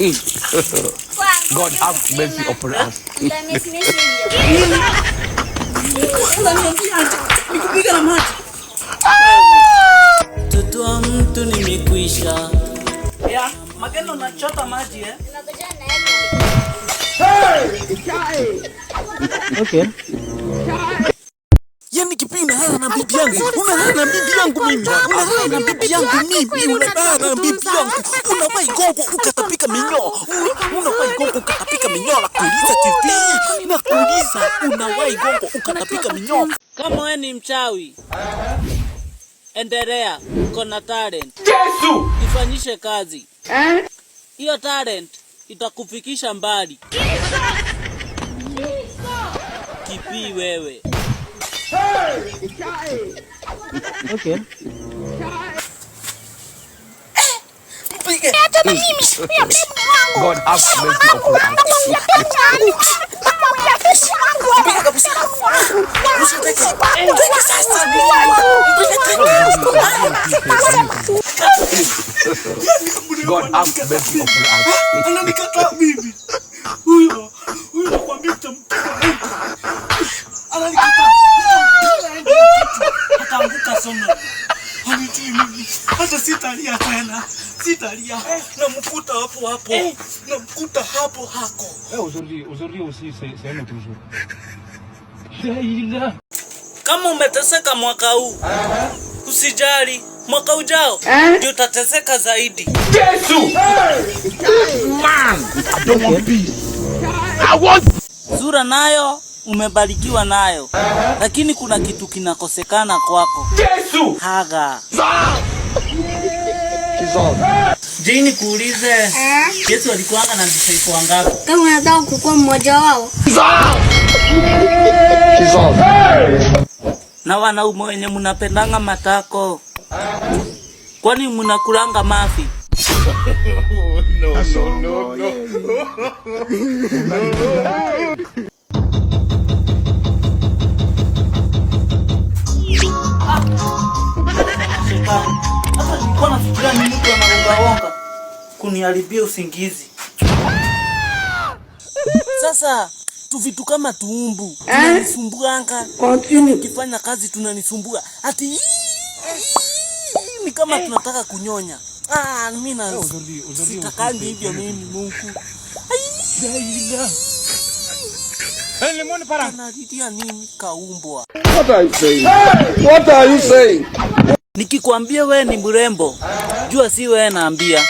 eat. God have mercy upon us. Mtoto wa mtu nimekwisha. Yeah, Magendo unachota maji eh? Okay. Vipi unalala na bibi yangu? Unalala na bibi yangu mimi. Unalala na bibi yangu mimi. Unalala na bibi yangu. Unawai gogo ukatapika minyoo. Unawai gogo ukatapika minyoo na kuuliza TV. unawai gogo ukatapika minyoo. Kama wewe ni mchawi. Endelea, uko na talent. Yesu! Ifanyishe kazi. Eh? Hiyo talent itakufikisha mbali. Kipi wewe? Oké. God have mercy upon us. God have mercy upon sana. Hata sitalia tena, sitalia. Eh. Namkuta hapo hapo, eh. namkuta hapo hako. Uzuri, eh, uzuri usi sema tuzuri. Laila, kama umeteseka mwaka huu usijali, mwaka ujao ndio utateseka zaidi. Yesu, man, don't want peace. I want Zura nayo umebarikiwa nayo, lakini kuna kitu kinakosekana kwako. Yesu Haga Jini, kuulize Yesu eh? alikuanga na disciple wangapi? Kama unataka kukua mmoja wao na wanaume wenye munapendanga matako, kwani munakulanga mafi? oh, no, no, no, no. kuniharibia usingizi. Sasa tu vitu kama tuumbu eh? tunanisumbuanga, ukifanya kazi tunanisumbua ati ni kama eh? tunataka kunyonya. Ah, mimi na eh, sitakandi hivyo mimi Mungu. Nikikwambia we ni mrembo, jua si we naambia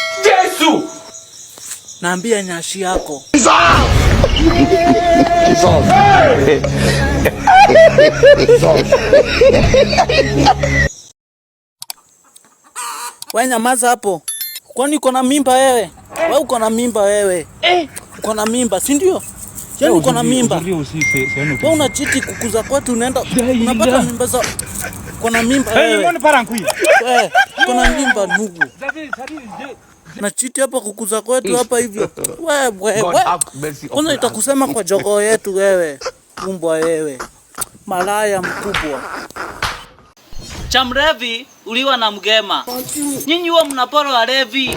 Yesu. Naambia nyashi yako we, nyamaza hapo, kwani uko na mimba wewe? Eh. Wewe uko na mimba wewe, eh. uko na mimba si ndio? Yani uko na mimba yaani una unachiti kukuza kwetu, unaenda unapata mimba za kona mimba kona mimba Mungu na chiti hapa kukuza kwetu hapa hivyo, kwanza itakusema kwa jogoo yetu wewe, umbwa wewe, malaya mkubwa. Chamrevi uliwa na mgema, nyinyi huwa wa revi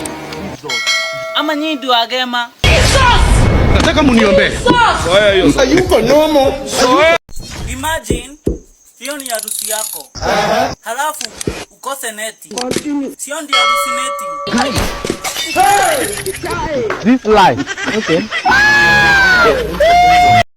ama nyinyi ndio wagema? Nataka mniombe. Imagine hiyo ni harusi yako. Aha. Halafu ukose neti, sio ndio harusi neti? Hey! This life. Okay. Ah!